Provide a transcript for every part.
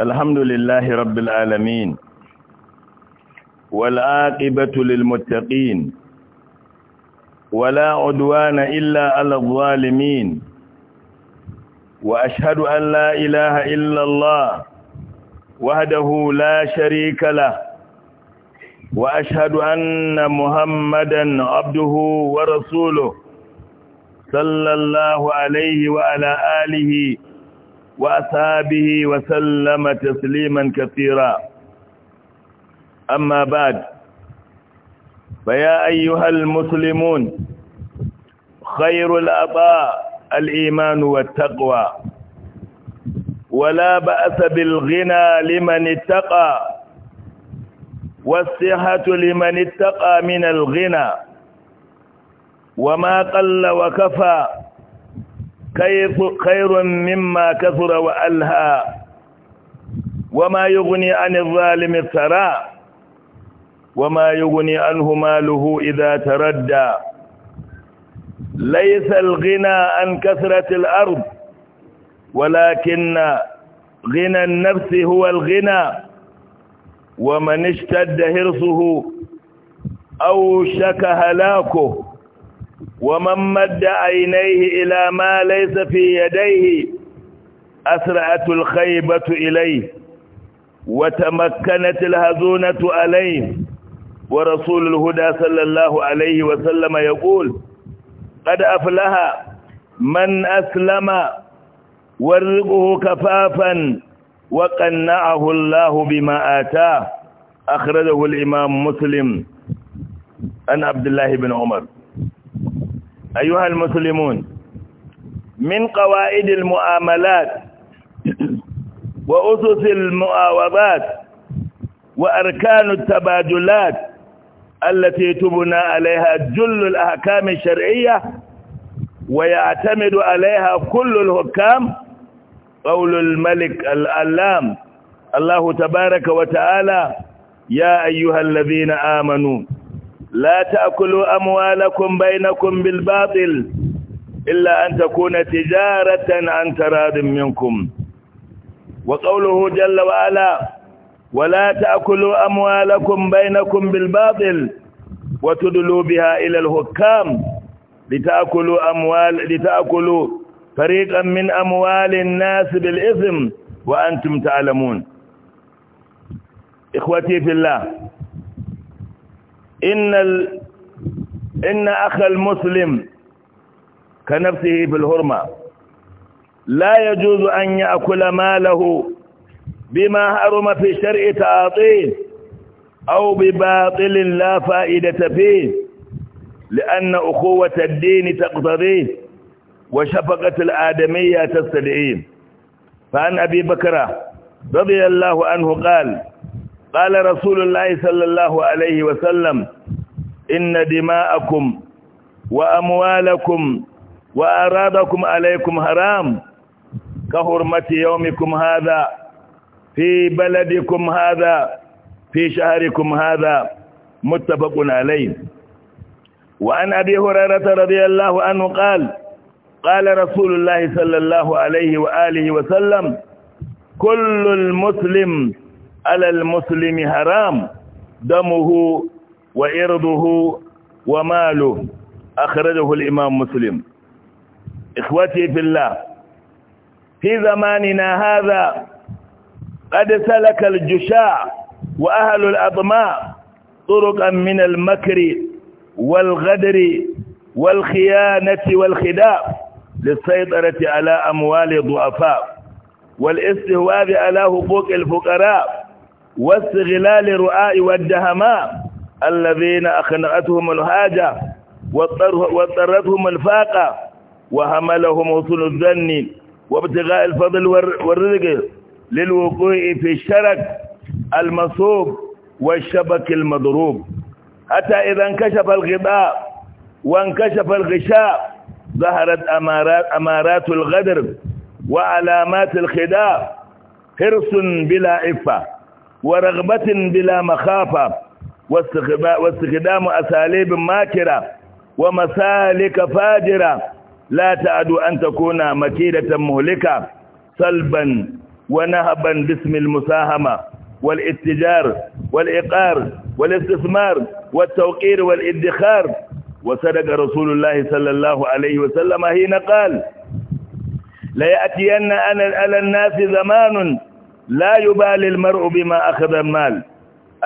الحمد لله رب العالمين والعاقبة للمتقين ولا عدوان إلا على الظالمين وأشهد أن لا إله إلا الله وحده لا شريك له وأشهد أن محمدا عبده ورسوله صلى الله عليه وعلى آله وأصحابه وسلم تسليما كثيرا أما بعد فيا أيها المسلمون خير الأطاء الإيمان والتقوى ولا بأس بالغنى لمن اتقى والصحة لمن اتقى من الغنى وما قل وكفى خير مما كثر وألهى وما يغني عن الظالم الثراء وما يغني عنه ماله إذا تردى ليس الغنى عن كثرة الأرض ولكن غنى النفس هو الغنى ومن اشتد هرسه أو شك هلاكه ومن مد عينيه إلى ما ليس في يديه أسرعت الخيبة إليه وتمكنت الهزونة عليه ورسول الهدى صلى الله عليه وسلم يقول قد أفلح من أسلم ورقه كفافا وقنعه الله بما آتاه أخرجه الإمام مسلم عن عبد الله بن عمر أيها المسلمون من قواعد المعاملات وأسس المعاوضات وأركان التبادلات التي تبنى عليها جل الأحكام الشرعية ويعتمد عليها كل الحكام قول الملك الألام الله تبارك وتعالى يا أيها الذين آمنوا لا تأكلوا أموالكم بينكم بالباطل إلا أن تكون تجارة عن تراض منكم وقوله جل وعلا ولا تأكلوا أموالكم بينكم بالباطل وتدلوا بها إلى الحكام لتأكلوا أموال لتأكلوا فريقا من أموال الناس بالإثم وأنتم تعلمون إخوتي في الله إن, ال... إن أخ المسلم كنفسه بالهرمة لا يجوز أن يأكل ماله بما حرم في شرع تعاطيه أو بباطل لا فائدة فيه لأن أخوة الدين تقتضيه وشفقة الآدمية تستدعيه فعن أبي بكرة رضي الله عنه قال قال رسول الله صلى الله عليه وسلم إن دماءكم وأموالكم وأرادكم عليكم حرام كهرمة يومكم هذا في بلدكم هذا في شهركم هذا متفق عليه وعن أبي هريرة رضي الله عنه قال قال رسول الله صلى الله عليه وآله وسلم كل المسلم على المسلم حرام دمه وإرضه وماله أخرجه الإمام مسلم إخوتي في الله في زماننا هذا قد سلك الجشاع وأهل الأطماع طرقا من المكر والغدر والخيانة والخداع للسيطرة على أموال الضعفاء والاستهواذ على حقوق الفقراء واستغلال رؤاء والدهماء الذين أخنأتهم الهاجة واضطرتهم الفاقة وهملهم وصول الذن وابتغاء الفضل والرزق للوقوع في الشرك المصوب والشبك المضروب حتى إذا انكشف الغطاء وانكشف الغشاء ظهرت أمارات, أمارات الغدر وعلامات الخداع حرص بلا عفه ورغبة بلا مخافة واستخدام أساليب ماكرة ومسالك فاجرة لا تعد أن تكون مكيدة مهلكة صلبا ونهبا باسم المساهمة والاتجار والإقار والاستثمار والتوقير والادخار وصدق رسول الله صلى الله عليه وسلم حين قال ليأتين على الناس زمان لا يبالي المرء بما أخذ المال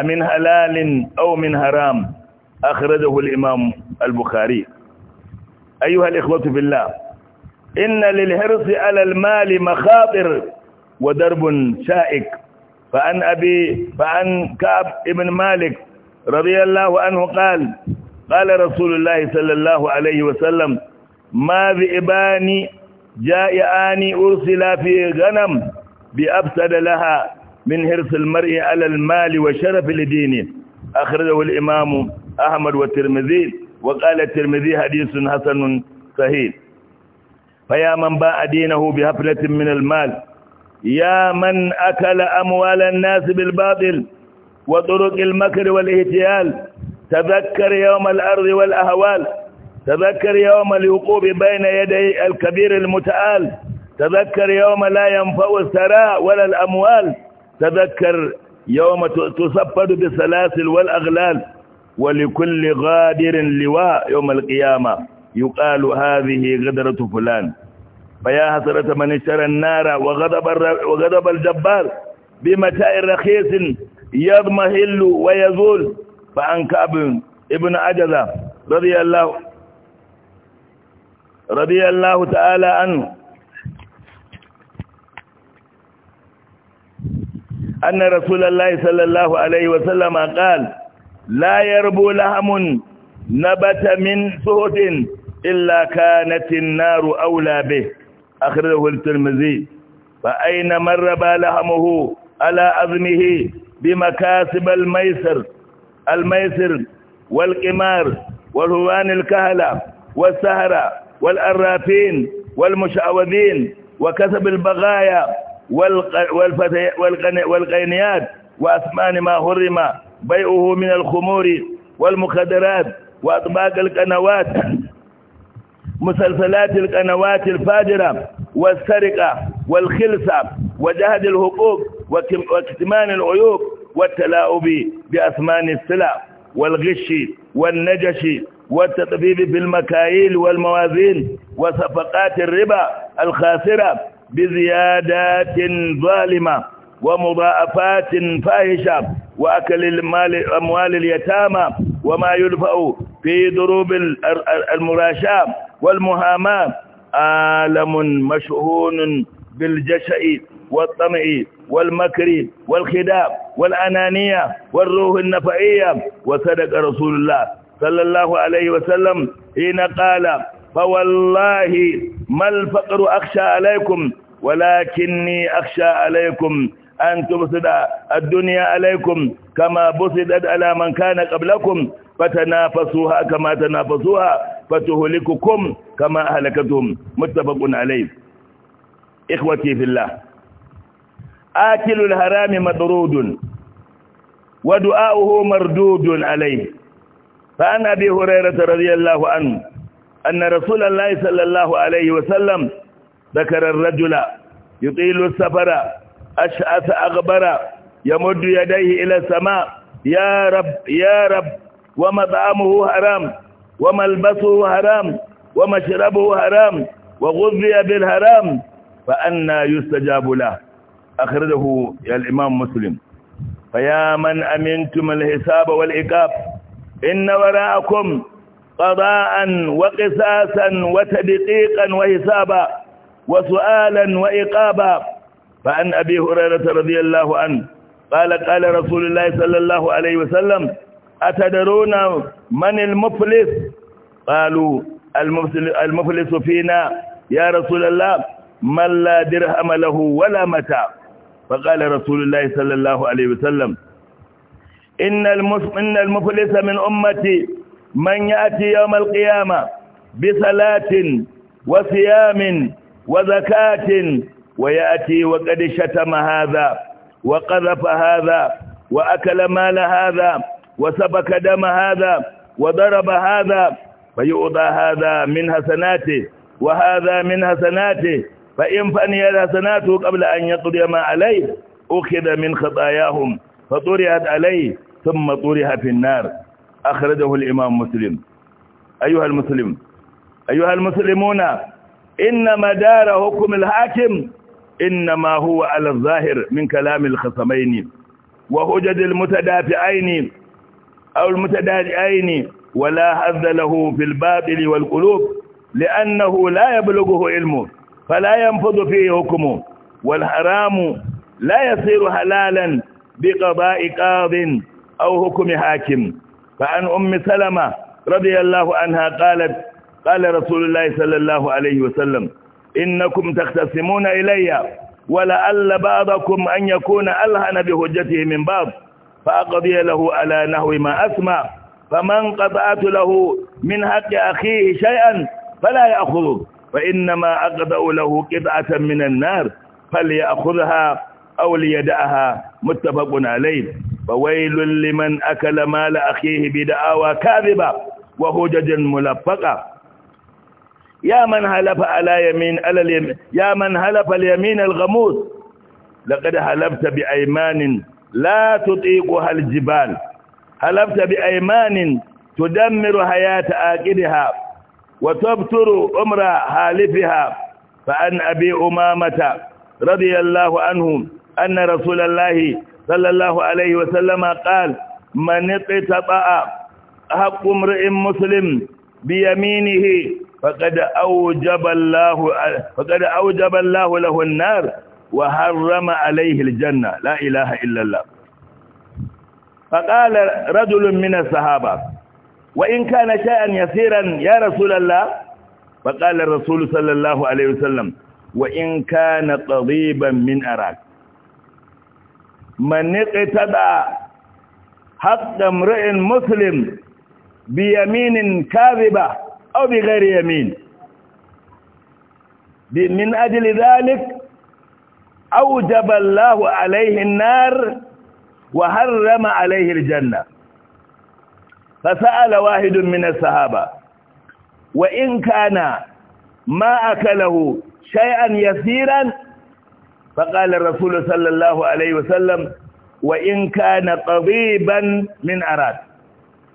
أمن حلال أو من حرام أخرجه الإمام البخاري أيها الإخوة في الله إن للحرص على المال مخاطر ودرب شائك فأن أبي فأن كعب ابن مالك رضي الله عنه قال قال رسول الله صلى الله عليه وسلم ما ذئبان جائعان أرسلا في غنم بأبسد لها من حرص المرء على المال وشرف لدينه أخرجه الإمام أحمد والترمذي وقال الترمذي حديث حسن صحيح فيا من باع دينه بهفلة من المال يا من أكل أموال الناس بالباطل وطرق المكر والاهتيال تذكر يوم الأرض والأهوال تذكر يوم الوقوف بين يدي الكبير المتعال تذكر يوم لا ينفع الثراء ولا الأموال تذكر يوم تصفد بالسلاسل والأغلال ولكل غادر لواء يوم القيامة يقال هذه غدرة فلان فيا حسرة من اشترى النار وغضب, وغضب الجبار بمتاع رخيص يضمهل ويزول فعن كعب ابن عجزة رضي الله رضي الله تعالى عنه أن رسول الله صلى الله عليه وسلم قال لا يربو لهم نبت من سهد إلا كانت النار أولى به أخرجه الترمذي فأين من ربى لهمه على أظمه بمكاسب الميسر الميسر والقمار والهوان الكهلة والسهرة والأرافين والمشعوذين وكسب البغايا والغنيات وأثمان ما هرم بيعه من الخمور والمخدرات وأطباق القنوات مسلسلات القنوات الفاجرة والسرقة والخلسة وجهد الحقوق واكتمان العيوب والتلاعب بأثمان السلع والغش والنجش والتطبيب في المكاييل والموازين وصفقات الربا الخاسرة بزيادات ظالمة ومضاعفات فاحشة وأكل المال أموال اليتامى وما يدفع في ضروب المراشاة والمهاماة عالم مشهون بالجشع والطمع والمكر والخداع والأنانية والروح النفعية وصدق رسول الله صلى الله عليه وسلم حين قال فوالله ما الفقر أخشى عليكم ولكني أخشى عليكم أن تبصد الدنيا عليكم كما بصدت على من كان قبلكم فتنافسوها كما تنافسوها فتهلككم كما أهلكتهم متفق عليه إخوتي في الله آكل الهرام مطرود ودعاؤه مردود عليه فعن أبي هريرة رضي الله عنه أن رسول الله صلى الله عليه وسلم ذكر الرجل يطيل السفر أشأث أغبر يمد يديه إلى السماء يا رب يا رب ومطعمه حرام وملبسه حرام ومشربه حرام وغذي بالحرام فأنا يستجاب له أخرجه الإمام مسلم فيا من أمنتم الحساب والعقاب إن وراءكم قضاء وقساسا وتدقيقا وحسابا وسؤالا وإقابا فعن أبي هريرة رضي الله عنه قال قال رسول الله صلى الله عليه وسلم أتدرون من المفلس قالوا المفلس فينا يا رسول الله من لا درهم له ولا متاع فقال رسول الله صلى الله عليه وسلم إن المفلس من أمتي من يأتي يوم القيامة بصلاة وصيام وزكاة ويأتي وقد شتم هذا وقذف هذا وأكل مال هذا وسبك دم هذا وضرب هذا فيؤضى هذا من حسناته وهذا من حسناته فإن فني حسناته قبل أن يقضي ما عليه أخذ من خطاياهم فطرحت عليه ثم طرح في النار أخرجه الإمام مسلم أيها المسلم أيها المسلمون إن مدار حكم الحاكم إنما هو على الظاهر من كلام الخصمين وهجد المتدافعين أو المتدافعين ولا حظ له في الباطل والقلوب لأنه لا يبلغه علمه فلا ينفذ فيه حكمه والحرام لا يصير حلالا بقضاء قاض أو حكم حاكم فعن أم سلمة رضي الله عنها قالت قال رسول الله صلى الله عليه وسلم إنكم تختصمون إلي ولعل بعضكم أن يكون ألهن بهجته من بعض فأقضي له على نهو ما أسمع فمن قطعت له من حق أخيه شيئا فلا يأخذه فإنما أقضأ له قطعة من النار فليأخذها أو ليدعها متفق عليه فويل لمن أكل مال أخيه بدعاوى كاذبة وهجج ملفقة يا من هلف على يمين على اليمين يا من هلف اليمين الغموس لقد هلفت بأيمان لا تطيقها الجبال هلفت بأيمان تدمر حياة آكلها وتبتر أمر حالفها فأن أبي أمامة رضي الله عنه أن رسول الله صلى الله عليه وسلم قال من اقتطع حق امرئ مسلم بيمينه فقد أوجب الله فقد أوجب الله له النار وحرم عليه الجنة لا إله إلا الله فقال رجل من الصحابة وإن كان شيئا يسيرا يا رسول الله فقال الرسول صلى الله عليه وسلم وإن كان قضيبا من أراك من اقتدى حق امرئ مسلم بيمين كاذبة أو بغير يمين من أجل ذلك أوجب الله عليه النار وحرم عليه الجنة فسأل واحد من الصحابة وإن كان ما أكله شيئا يسيرا فقال الرسول صلى الله عليه وسلم وإن كان قضيبا من أراد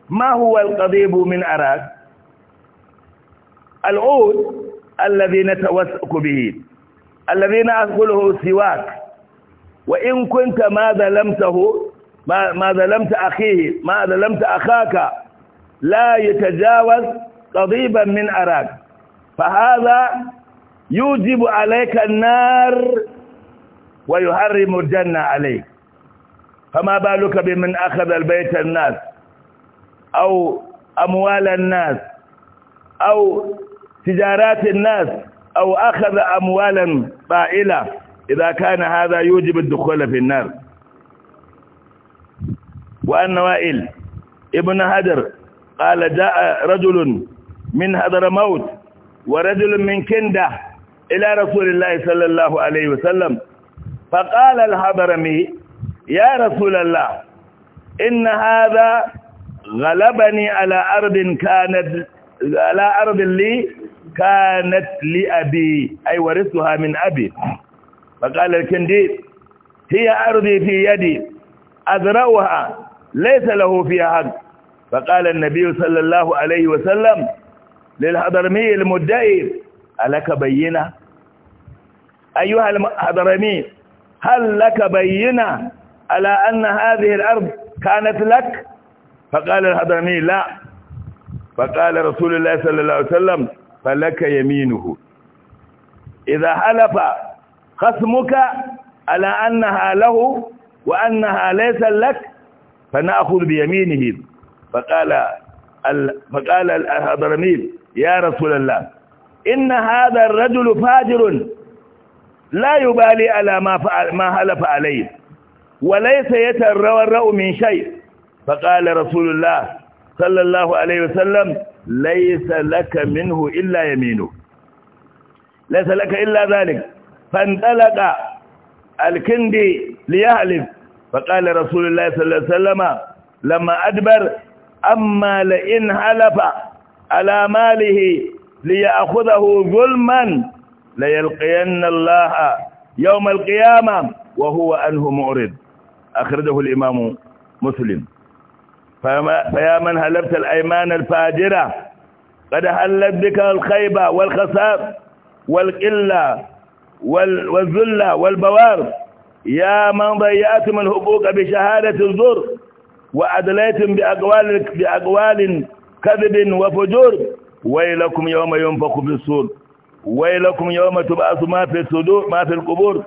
ما هو القضيب من أراد العود الذي نتوسك به الذي نأكله سواك وإن كنت ما ظلمته ما ظلمت أخيه ما ظلمت أخاك لا يتجاوز قضيبا من أراك فهذا يوجب عليك النار ويحرم الجنة عليك فما بالك بمن أخذ البيت الناس أو أموال الناس أو تجارات الناس أو أخذ أموالا طائلة إذا كان هذا يوجب الدخول في النار وأن وائل ابن هدر قال جاء رجل من هدر موت ورجل من كنده إلى رسول الله صلى الله عليه وسلم فقال الهبرمي يا رسول الله إن هذا غلبني على أرض كانت على أرض لي كانت لأبي أي ورثها من أبي فقال الكندي هي أرضي في يدي أذرأها ليس له فيها حق فقال النبي صلى الله عليه وسلم للحضرمي المدعي ألك بينة أيها الحضرمي هل لك بينة على أن هذه الأرض كانت لك فقال الهضمي لا فقال رسول الله صلى الله عليه وسلم فلك يمينه إذا حلف خصمك على أنها له وأنها ليس لك فنأخذ بيمينه فقال فقال الهضرميل يا رسول الله إن هذا الرجل فاجر لا يبالي على ما ما هلف عليه وليس يتروى من شيء فقال رسول الله صلى الله عليه وسلم ليس لك منه إلا يمينه ليس لك إلا ذلك فانطلق الكندي ليهلف فقال رسول الله صلى الله عليه وسلم لما أدبر أما لئن هلف على ماله ليأخذه ظلماً ليلقين الله يوم القيامة وهو أنه معرض أخرجه الإمام مسلم فما فيا من هلبت الأيمان الفاجرة قد هلت بك الخيبة والخساب والقلة والذلة والبوار يا من ضيأتم الهبوك بشهادة الزور وأدليتم بأقوال, بأقوال كذب وفجور ويلكم يوم ينفخ في الصور ويلكم يوم تبعث ما في الصدور ما في القبور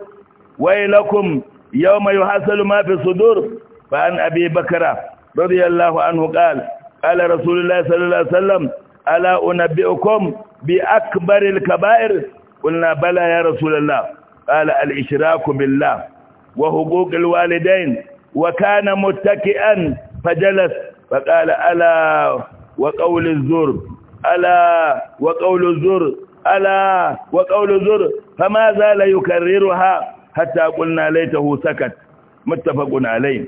ويلكم يوم يحصل ما في الصدور فعن أبي بكر رضي الله عنه قال قال رسول الله صلى الله عليه وسلم ألا أنبئكم بأكبر الكبائر قلنا بلى يا رسول الله قال الإشراك بالله وحقوق الوالدين وكان متكئا فجلس فقال ألا وقول الزور ألا وقول الزور ألا وقول زر فما زال يكررها حتى قلنا ليته سكت متفق عليه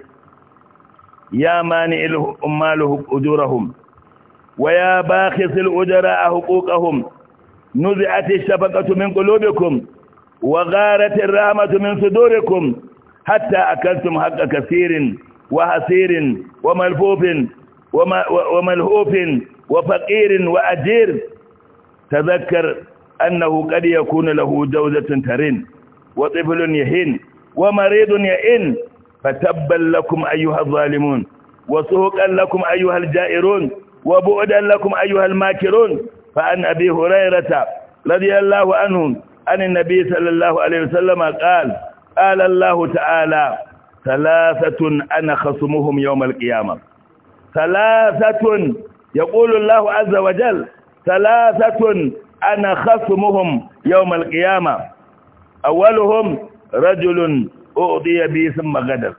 يا مانع الأمال أجورهم ويا باخس الأجراء حقوقهم نزعت الشفقة من قلوبكم وغارت الرحمة من صدوركم حتى أكلتم حق كثير وحسير وملفوف وملهوف وفقير وأجير تذكر أنه قد يكون له جوزة ترن وطفل يهن ومريض يئن فتبا لكم أيها الظالمون وسوقا لكم أيها الجائرون وبعدا لكم أيها الماكرون فعن أبي هريرة رضي الله عنه عن النبي صلى الله عليه وسلم قال قال الله تعالى ثلاثة أنا خصمهم يوم القيامة ثلاثة يقول الله عز وجل ثلاثة أنا خصمهم يوم القيامة أولهم رجل أعطي بي ثم غدر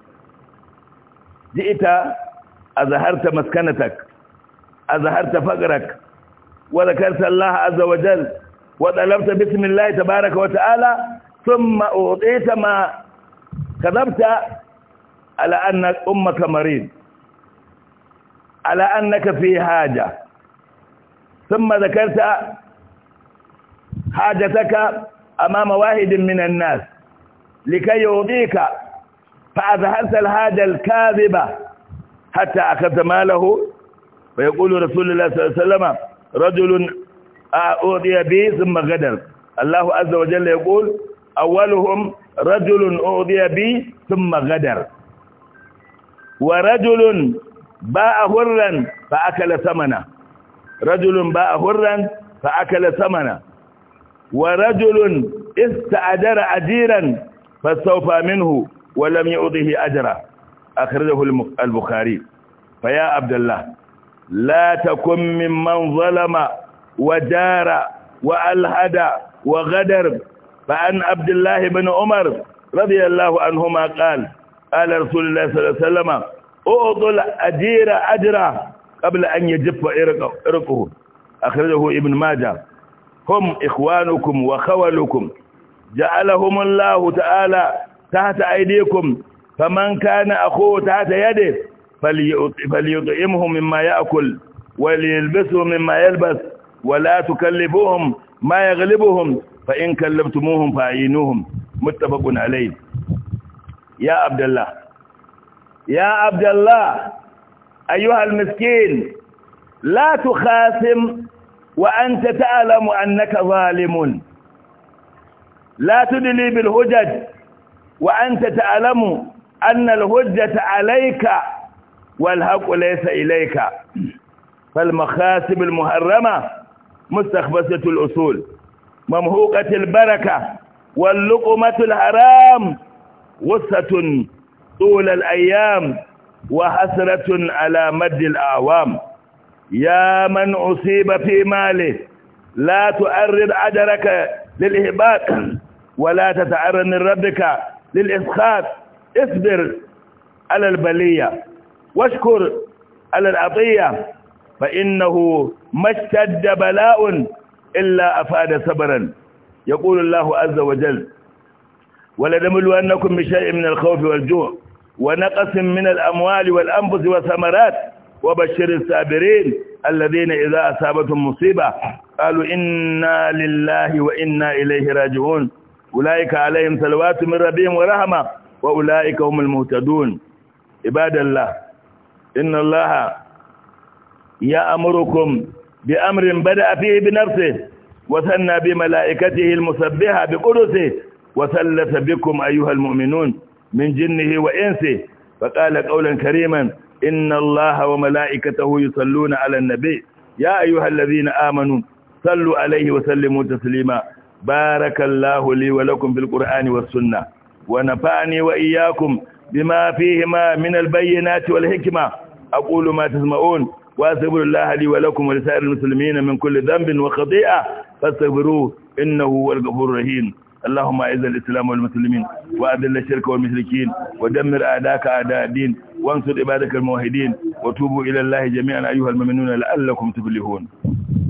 جئت أظهرت مسكنتك أظهرت فقرك وذكرت الله عز وجل وطلبت بسم الله تبارك وتعالى ثم أعطيت ما كذبت على أن أمك مريض على أنك في حاجة ثم ذكرت حاجتك أمام واحد من الناس لكي يرضيك فأظهرت الحاجة الكاذبة حتى أخذت ماله ويقول رسول الله صلى الله عليه وسلم رجل أوضي به ثم غدر الله عز وجل يقول أولهم رجل أوضي بي ثم غدر ورجل باع هرا فأكل ثمنه رجل باع هرا فأكل ثمنا ورجل استأجر أجيرا فاستوفى منه ولم يعطه أجرا أخرجه البخاري فيا عبد الله لا تكن ممن ظلم وجار والهدى وغدر فعن عبد الله بن عمر رضي الله عنهما قال قال رسول الله صلى الله عليه وسلم أعطوا الأجير أجرا قبل أن يجف إرقه أخرجه ابن ماجه هم إخوانكم وخولكم جعلهم الله تعالى تحت أيديكم فمن كان أخوه تحت يده فليطعمه مما يأكل وليلبسه مما يلبس ولا تكلفوهم ما يغلبهم فإن كلفتموهم فأعينوهم متفق عليه يا عبد الله يا عبد الله أيها المسكين لا تخاصم وأنت تعلم أنك ظالم لا تدلي بالهجج وأنت تعلم أن الهجة عليك والحق ليس إليك فالمخاسب المحرمة مستخبصة الأصول ممهوقة البركة واللقمة الحرام غصة طول الأيام وحسرة على مد الأعوام يا من أصيب في ماله لا تؤرد أجرك للإهباط ولا تتعرض من ربك للإسخاط اصبر على البلية واشكر على العطية فإنه ما اشتد بلاء إلا أفاد صبرا يقول الله عز وجل ولنبلونكم بشيء من الخوف والجوع ونقص من الأموال والأنفس والثمرات وبشر الصابرين الذين إذا أصابتهم مصيبة قالوا إنا لله وإنا إليه راجعون أولئك عليهم صلوات من ربهم ورحمة وأولئك هم المهتدون عباد الله إن الله يأمركم بأمر بدأ فيه بنفسه وثنى بملائكته المسبحة بقدسه وثلث بكم أيها المؤمنون من جنه وإنسه فقال قولا كريما إن الله وملائكته يصلون على النبي يا أيها الذين آمنوا صلوا عليه وسلموا تسليما بارك الله لي ولكم في القرآن والسنة ونفعني وإياكم بما فيهما من البينات والحكمة أقول ما تسمعون وأستغفر الله لي ولكم ولسائر المسلمين من كل ذنب وخطيئة فاستغفروه إنه هو الغفور الرحيم اللهم اعز الاسلام والمسلمين واذل الشرك والمشركين ودمر اعداءك اعداء الدين وانصر عبادك الموحدين وتوبوا الى الله جميعا ايها المؤمنون لعلكم تفلحون